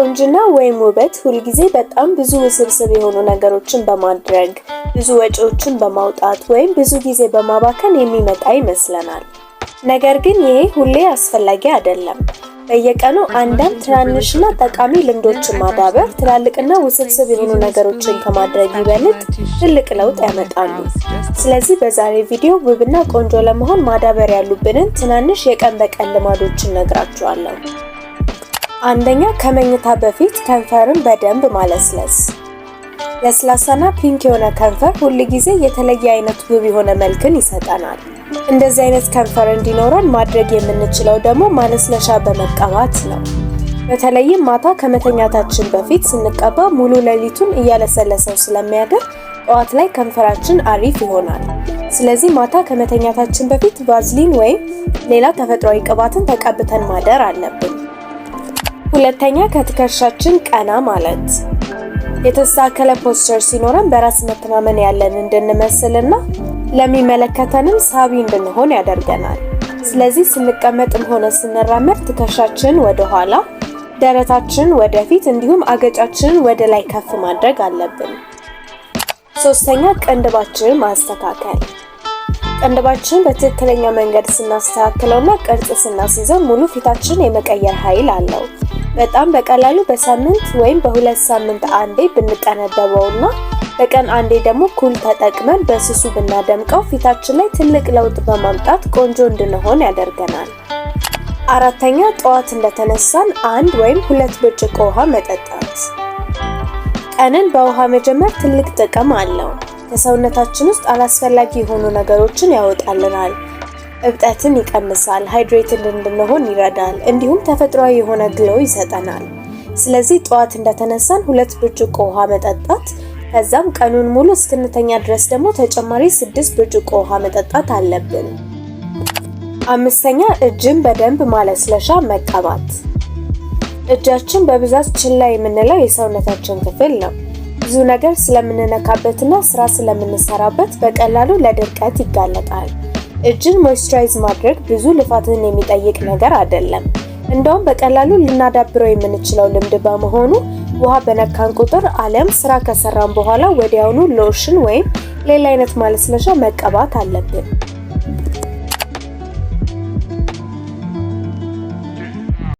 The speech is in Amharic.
ቁንጅና ወይም ውበት ሁልጊዜ በጣም ብዙ ውስብስብ የሆኑ ነገሮችን በማድረግ ብዙ ወጪዎችን በማውጣት ወይም ብዙ ጊዜ በማባከን የሚመጣ ይመስለናል። ነገር ግን ይሄ ሁሌ አስፈላጊ አይደለም። በየቀኑ አንዳንድ ትናንሽና ጠቃሚ ልምዶችን ማዳበር ትላልቅና ውስብስብ የሆኑ ነገሮችን ከማድረግ ይበልጥ ትልቅ ለውጥ ያመጣሉ። ስለዚህ በዛሬ ቪዲዮ ውብና ቆንጆ ለመሆን ማዳበር ያሉብንን ትናንሽ የቀን በቀን ልማዶችን ነግራችኋለሁ። አንደኛ ከመኝታ በፊት ከንፈርን በደንብ ማለስለስ። ለስላሳና ፒንክ የሆነ ከንፈር ጊዜ የተለየ አይነት ውብ የሆነ መልክን ይሰጠናል። እንደዚህ አይነት ከንፈር እንዲኖረን ማድረግ የምንችለው ደግሞ ማለስለሻ በመቀባት ነው። በተለይም ማታ ከመተኛታችን በፊት ስንቀባ ሙሉ ሌሊቱን እያለሰለሰው ስለሚያደር ጠዋት ላይ ከንፈራችን አሪፍ ይሆናል። ስለዚህ ማታ ከመተኛታችን በፊት ቫዝሊን ወይም ሌላ ተፈጥሯዊ ቅባትን ተቀብተን ማደር አለብን። ሁለተኛ ከትከሻችን ቀና ማለት የተስተካከለ ፖስቸር ሲኖረን በራስ መተማመን ያለን እንድንመስልና ለሚመለከተንም ሳቢ እንድንሆን ያደርገናል። ስለዚህ ስንቀመጥም ሆነ ስንራመድ ትከሻችን ወደ ኋላ፣ ደረታችን ወደፊት እንዲሁም አገጫችንን ወደ ላይ ከፍ ማድረግ አለብን። ሶስተኛ ቅንድባችንን ማስተካከል። ቅንድባችንን በትክክለኛ መንገድ ስናስተካክለውና ቅርጽ ስናስይዘው ሙሉ ፊታችን የመቀየር ኃይል አለው። በጣም በቀላሉ በሳምንት ወይም በሁለት ሳምንት አንዴ ብንጠነደበው እና በቀን አንዴ ደግሞ ኩል ተጠቅመን በስሱ ብናደምቀው ፊታችን ላይ ትልቅ ለውጥ በማምጣት ቆንጆ እንድንሆን ያደርገናል። አራተኛ ጠዋት እንደተነሳን አንድ ወይም ሁለት ብርጭቆ ውሃ መጠጣት። ቀንን በውሃ መጀመር ትልቅ ጥቅም አለው። ከሰውነታችን ውስጥ አላስፈላጊ የሆኑ ነገሮችን ያወጣልናል። እብጠትን ይቀንሳል፣ ሃይድሬትድ እንድንሆን ይረዳል፣ እንዲሁም ተፈጥሯዊ የሆነ ግሎ ይሰጠናል። ስለዚህ ጠዋት እንደተነሳን ሁለት ብርጭቆ ውሃ መጠጣት ከዛም ቀኑን ሙሉ እስክንተኛ ድረስ ደግሞ ተጨማሪ ስድስት ብርጭቆ ውሃ መጠጣት አለብን። አምስተኛ እጅን በደንብ ማለስለሻ መቀባት። እጃችን በብዛት ችላ የምንለው የሰውነታችን ክፍል ነው። ብዙ ነገር ስለምንነካበትና ስራ ስለምንሰራበት በቀላሉ ለድርቀት ይጋለጣል። እጅን ሞይስቸራይዝ ማድረግ ብዙ ልፋትን የሚጠይቅ ነገር አይደለም። እንደውም በቀላሉ ልናዳብረው የምንችለው ልምድ በመሆኑ ውሃ በነካን ቁጥር አለም ስራ ከሰራን በኋላ ወዲያውኑ ሎሽን ወይም ሌላ አይነት ማለስለሻ መቀባት አለብን።